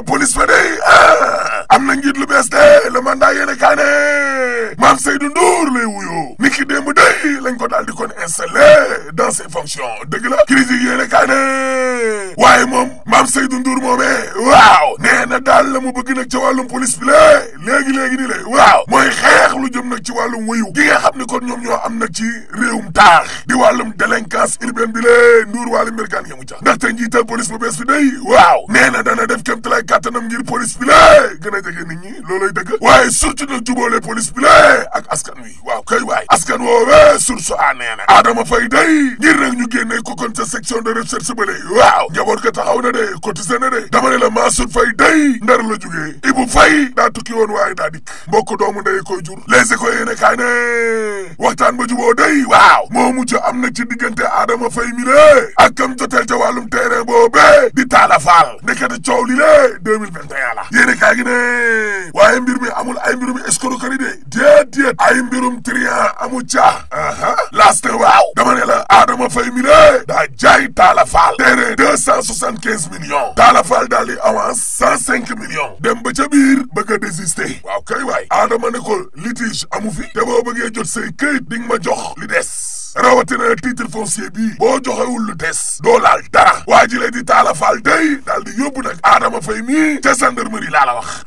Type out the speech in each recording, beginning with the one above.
wàllu police fa day ah! am na njiit lu bees de le mandat yéene kaane maam Seydou Ndour lay lañ ko daal di kon installé dans ses fonctions dëgg la critique yéene kaa ne waaye moom maam Seydou Ndour moomee waaw nee na daal la mu bëgg nag ca wàllum police bi la léegi-léegi ni la waaw mooy xeex lu jëm nag ci wàllum wuyu gi nga xam ne kon ñoom ñoo am nag ci réewum taax di wàllum délinquance urbaine bi la Ndour wàllum mbirkaan yamu ca ndaxte njiital police bu bees bi day waaw nee na dana def kéem talaay kàttanam ngir police bi la gën a jege nit ñi looloy dëgg bi la wi waaw source a nee na Adama Faye day ngir nag ñu génne ko kon de recherche bale waaw njaboot ko taxaw na de cotisé na de dama ne la Mansour Faye day ndar la jógee Ibou Faye daa tukki woon waaye daa dikk doomu ndey koy jur les écoles yéene kaay ne waxtaan ba juboo day waaw moo mujj am na ci diggante Adama Faye mi lée ak kam joteel ca wàllum terrain boobee di taala faal nekkati coow li lée 2021 la yéene waaye mbir mi amul ay mbirum escroquerie de déet déet ay mbirum trian amu ca aha waaw dama la Adama Faye mi ne daa jaay Talla Fall téere deux cent soixante quinze millions Talla Fall daal di avance cent dem ba biir bëgg a waaw kay waay Adama ne ko litige amu fi te boo bëggee jot say këyit di nga ma jox li des rawatina titre foncier bii boo joxewul lu des doo laal dara waa ji le di taala faal day daal di yóbbu nag Adama Faye mii ca gendarmerie laa la wax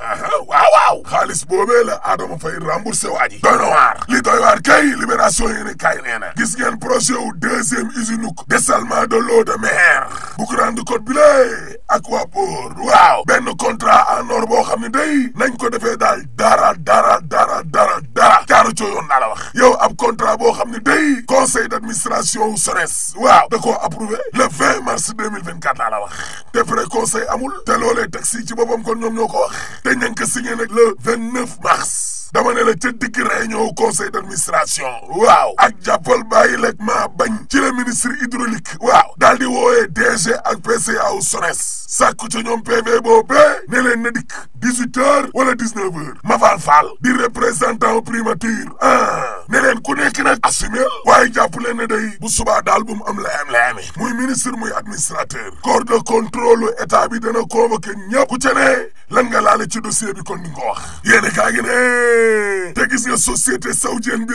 waaw waaw xaalis boobee la Adama Faye remboursé waa ji doy na waar li doy waar kay libération yéene kay nee na gis ngeen projet wu deuxième usine uk dessalement de l'eau de mer bu grande côte bi lée Aquaport waaw benn contrat en boo xam ne day nañ ko defee daal dara dara dara dara dara jaaru coo yoon naa wax yow ab contrat boo xam ne day conseil d' administration wu waaw da koo le 20 mars 2024 laa la wax te vrai conseil amul te loolee taxi ci boppam kon ñoom ñoo ko wax te ña nga ko signé nag mars. dama ne la ca digg réunion conseil d'administration waaw ak jàppal bàyyi leeg maa bañ ci la ministre hydraulique waaw daal di wooyee DG ak PCA wu SONES sàkku ci ñoom PV boobee ne leen na dikk dix-huit heures wala dix-neuf heures Mafal Fall di représentant ah. ne leen ku nekk nag assumé waaye jàpp leen ne day bu subaa daal bu mu am layam-layami muy ministre muy administrateur corps de contrôle état bi dana convoqué ñëpp ku ca ne lan nga laale ci dossier kon ni wax te gis nga société saoudienne bi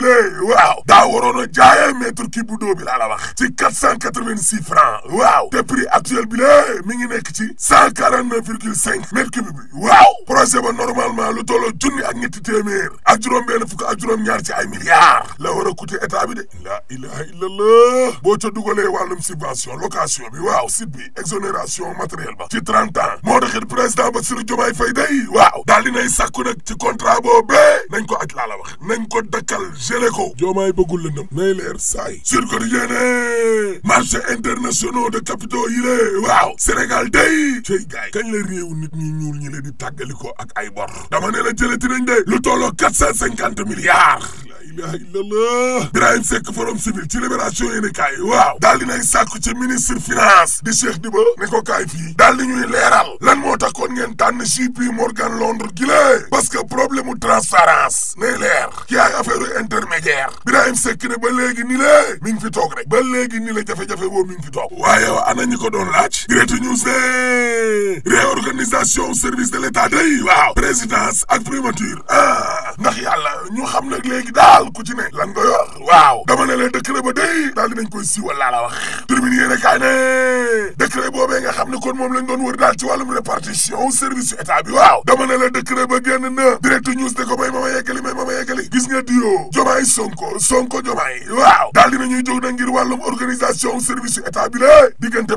waaw daa waroon a jaayee mètre bu doo bi laa la wax ci quatre cent quatre vingt six francs waaw te prix actuel bi mi ngi nekk ci cent quarante neuf virgule cinq mètre cube bi waaw projet ba normalement lu tolloo junni ak ñetti téeméer ak juróom-benn fukk ak juróom-ñaar ci ay milliards la war a coûter état bi de la ilaha illallah boo ca dugalee wàllum subvention location bi waaw site bi exonération matériel ba ci trente ans moo taxit président Bassirou Diomaye Faye nañ ko aj laa la nañ ko dakkal géré ko joomaay bëggul lëndëm nay leer saay sur ko di marché internationaux de capitaux yi lée waaw Sénégal day cey gaay kañ la réewu nit ñu ñuul ñi la di tàggali ko ak ay bor dama ne la jëlati nañ de lu tolloo quatre cent cinquante milliards ilaha illallah Birahim Seck forum civil ci libération yéene kaay waaw daal di nay sàkku ci ministre finance di Cheikh Diba ne ko kaay fii daal di ñuy leeral lan moo tax kon ngeen tànn JP Morgan Londres transparence nay leer guerre Birahim Seck ne ba léegi ni la mi ngi fi toog rek ba léegi ni la jafe-jafe woo mi ngi fi toog waaye yow ana ñi ko doon laaj Direct News ne réorganisation service de l'État day waaw présidence ak primature ah ndax yàlla ñu xam nag léegi daal ku ci ne lan nga yor waaw dama ne la décret ba day daal dinañ koy siiwal laa la wax tribune yéene kaay ne décret boobee nga xam ne kon moom lañ doon wër daal ci wàllum répartition service état bi waaw dama ne ba génn na Direct News Sonko Sonko Diomaye waaw daal dina ñuy jóg na ngir wàllum organisation service état bi la diggante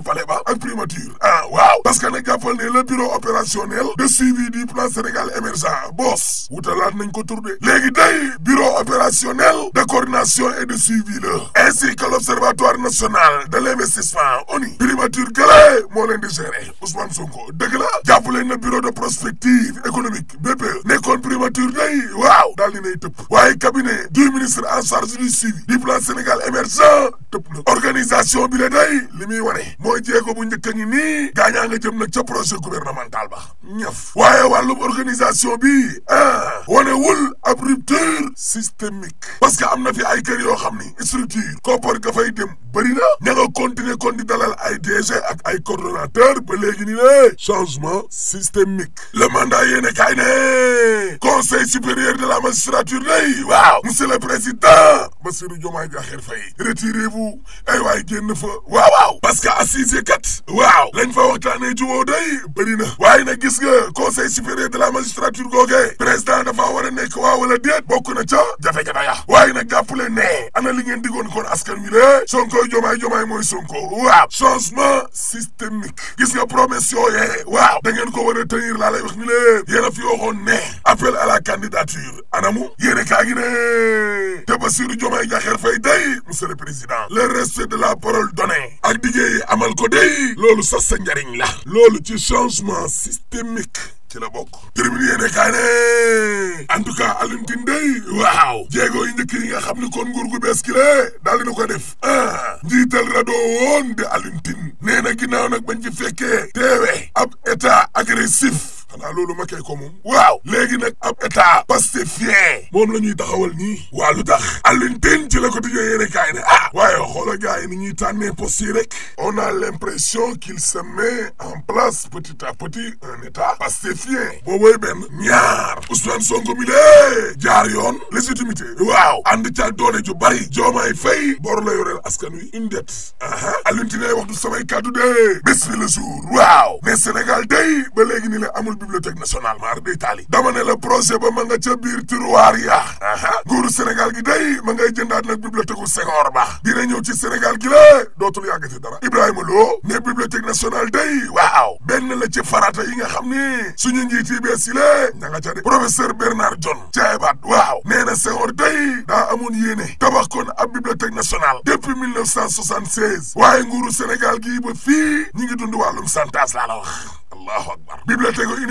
primature ah waaw parce que nag jàppal le bureau opérationnel de suivi du plan Sénégal émergent boos wutalaat nañ ko turde léegi day bureau opérationnel de coordination et de suivi la ainsi l'observatoire national de l'investissement ONU primature gëlé moo leen di gérer Ousmane Sonko dëgg la bureau de prospective économique BPE nekkoon primature day waaw daal di nay tëpp waaye cabinet du ministre en charge suivi du plan Sénégal émergent tëpp la organisation bi la day li muy wane mooy jéego bu njëkk a ngi nii gaañaa nga jëm nag ca projet gouvernemental ba ñëf waaye wàllum organisation bi ah wane wul ab rupture systémique parce que am na fi ay kër yoo xam ni structure koppar ga fay dem bëri na ña nga continuer kon dalal ay DG ak ay coordonnateur ba léegi ni ne changement systémique le mandat yéene kaay ne conseil supérieur de la magistrature day waaw monsieur le président Bassirou Diomaye Diakhar Faye retirez-vous wu ay waay génn fa waaw waaw parce que assise kat waaw lañ fa waxtaanee jubóo day bëri na gis nga conseil supérieur de la magistrature googee président dafa war a nekk waaw wala déet bokk na ca jafe-jafe ya waaye nag jàpp ne ana li ngeen digoon kon askan wi jomaay jomaay mooy Sonko waaw changement systémique gis nga promesse yooyee waaw da ko war a tenir laa lay wax ni leen a fi waxoon ne appel à la candidature anamu yéen a kaa le respect de la parole donnée ak diggée amal ko day loolu sax sa njariñ la loolu ci changement systémique ci la bokk tribune yéene kaa en tout cas Alioune Tine day waaw jéego yi njëkk yi xam ne kon nguur gu bees gi la ko def ah njiital rado woon de Alioune Tine nee na ginnaaw nag bañ ci fekkee teewe ab état agressif xanaa loolu ma kay ko moom waaw léegi nag ab état pacifié moom la ñuy taxawal nii waa lu tax Alioune Tine ci la ko ne ah waaye xoola gars yi ni ñuy tànnee poste yi rek on a l'impression qu'il se met en place petit à petit un état pacifié boobooy benn ñaar Ousmane Sonko mi lée jaar yoon légitimité waaw ànd ca doole ju bari joomaay fay bor la yoreel askan wi une dette aha Alioune Tine waxtu samay kàddu de bés fi le jour waaw ne Sénégal day ba léegi ni la amul bibliothèque nationale maar day taali dama la projet ba ma biir tiroir ya nguuru Sénégal gi day ma ngay jëndaat nag bibliothèque u ba dina ñëw ci Sénégal gi la dootul yàggati dara Ibrahima Lo ne bibliothèque nationale day waaw benn la ci farata yi nga xam ni suñu njiit yi bees yi la ña nga ca de professeur Bernard John waaw nee na Senghor day daa amoon yéene tabax kon ab bibliothèque nationale depuis waaye nguuru Sénégal gi ba fii ñi ngi dund wàllum santas laa la wax allahu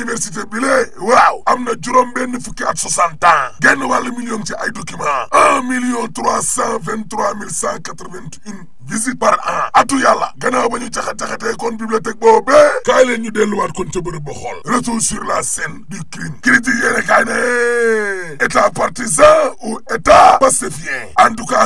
université bi lée waaw am na juróom benn fukki at soixante ans genn wàllu million ci ay document un million trois cent vingt trois mille cent quatre vingt une visite par an atu yàlla gannaaw ba ñu caxat-caxatee kon bibliothèque boobu kaay leen ñu delluwaat kon ca bërëb ba xool retour sur la scène du crime critique yéene kaay ne état partisan ou état pastefien en tout cas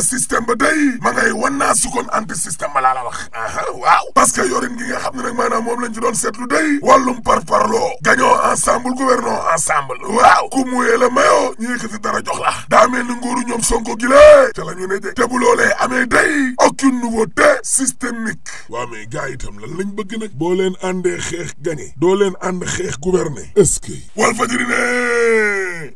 ba day ma ngay wan naa su kon anti système ba laa la wax aha waaw parce que yorin gi nga xam ne nag maanaam moom lañ ci doon seetlu day par parparloo gañoo ensemble gouvernons ensemble waaw ku muyee la mayoo ñu yëkkati dara jox la daa mel ni nguuru ñoom sonko gi ca la ne de te bu loolee amee day aucune nouveauté systémique waaw mais gars itam lan lañ bëgg nag boo leen xeex gagné doo leen ànd xeex gouverner est wal fajiri ne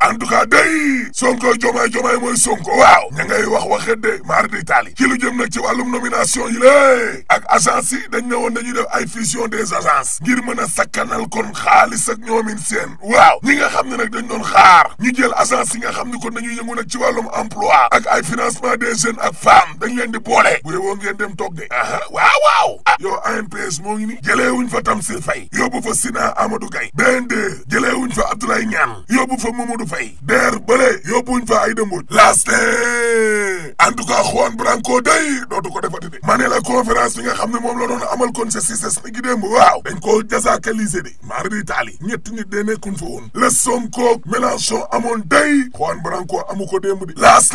en tout cas day sonko jomaay jomaay mooy sonko waaw ña ngay wax de maar di taali ci lu jëm nag ci wàllum nomination yi lée ak agence dañ ne woon dañuy def ay fusion des agences ngir mën a sakkanal Lamine Sène waaw ñi nga xam ne nag dañ doon xaar ñu jël agence yi nga xam ne kon dañuy yëngu nag ci wàllum emploi ak ay financement des jeunes ak femmes dañ leen di boole bu yowoo geen dem toog de aha waaw waaw ah yow ANPS moo ngi ni jëleewuñ fa Tamsir Faye fa Sina Amadou Gaye BND jëleewuñ fa Abdoulaye Niane yóbbu fa Mamadou Faye DER bële yóbbuñ fa Aïda Mbodj last en tout cas Juan Branco day dootu ko defati de ma ne la conférence bi nga xam ne moom la doon amal kon sa CICES ni gi démb waaw dañ koo jasakalisé de maari di taali nit dee nekkuñ fa woon la Sonko Mélenchon amoon day Juan Branco amu ko démb di laast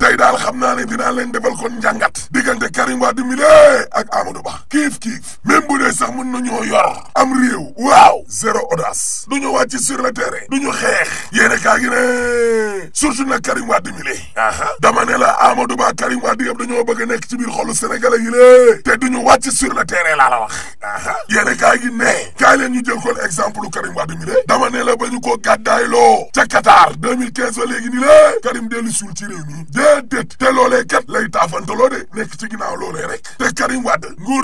tey daal xam naa ne dinaa leen defal kon njàngat diggante Karim Wade mi lée ak Amadou Ba kiif kiif même bu dee sax mën nañoo yor am réew waaw zéro audace du ñu wàcc sur le terrain du ñu xeex yéene kaa gi ne surtout nag Karim Wade mi lée aha dama ne la Amadou Ba Karim Wade yëpp dañoo a nekk ci biir xolu sénégalais yi lée te du ñu wàcc sur le terrain laa la wax aha yéene ne exemple lu Karim Wade mi de koo gàddaayloo ca Qatar 2015 ni la Karim dellu suul ci réew mi déedéet te loolee kat lay taafantaloo de nekk ci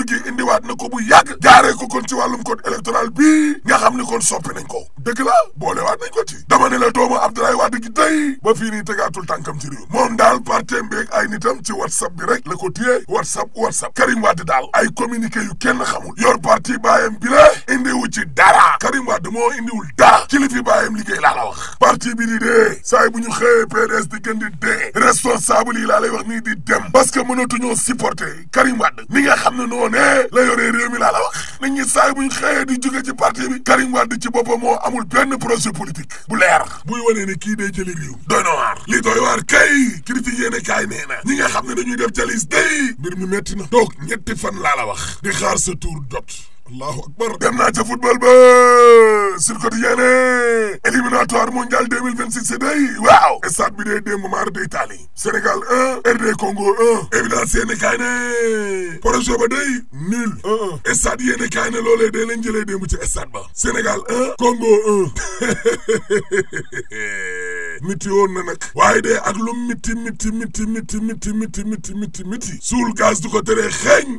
gi indiwaat na ko bu yàgg jaaree ko kon ci wàllum code électoral bii nga xam ni kon soppi nañ ko dëgg la boolewaat nañ ko ci dama ne la doomu Abdoulaye Wade gi tey ba fii tànkam ci réew moom daal partem beeg ay nitam ci bi rek la ko téye whatsapp whatsapp Karim Wade daal ay communiqué yu kenn xamul yor parti baayam bi la indiwu ci dara Karim Wade moo indiwul dara ci li fi bàyyam liggéey laa la wax parti bi di dee saa bu ñu xëyee PDS di gën dee responsable yi laa la wax nii di dem parce que mënatuñoo supporter Karim Wade ni nga xam ne noo ne la yoree réew mi laa la wax nit ñi saa bu ñu xëyee di jóge ci parti bi Karim Wade ci boppam moo amul benn projet politique bu leer buy wanee ne kii day jëli réew doy na waar li doy waar kay critique yéene kaay nee na ñi nga xam ne dañuy def jalis day mbir mi metti na toog ñetti fan laa la wax di xaar sa allahu akbar dem naa ca football ba sur quotidien ne éliminatoire mondial 2026 c'est day waaw stade bi dee démb maar day taali Sénégal 1 RD Congo 1 évidence yéene kaay ne projet ba day nul stade yéene kaay ne loolee day leen jëlee démb ci stade ba Sénégal 1 Congo 1 miti woon na nag waaye dee ak lu miti miti miti miti miti miti miti miti miti suul gaz du ko xeeñ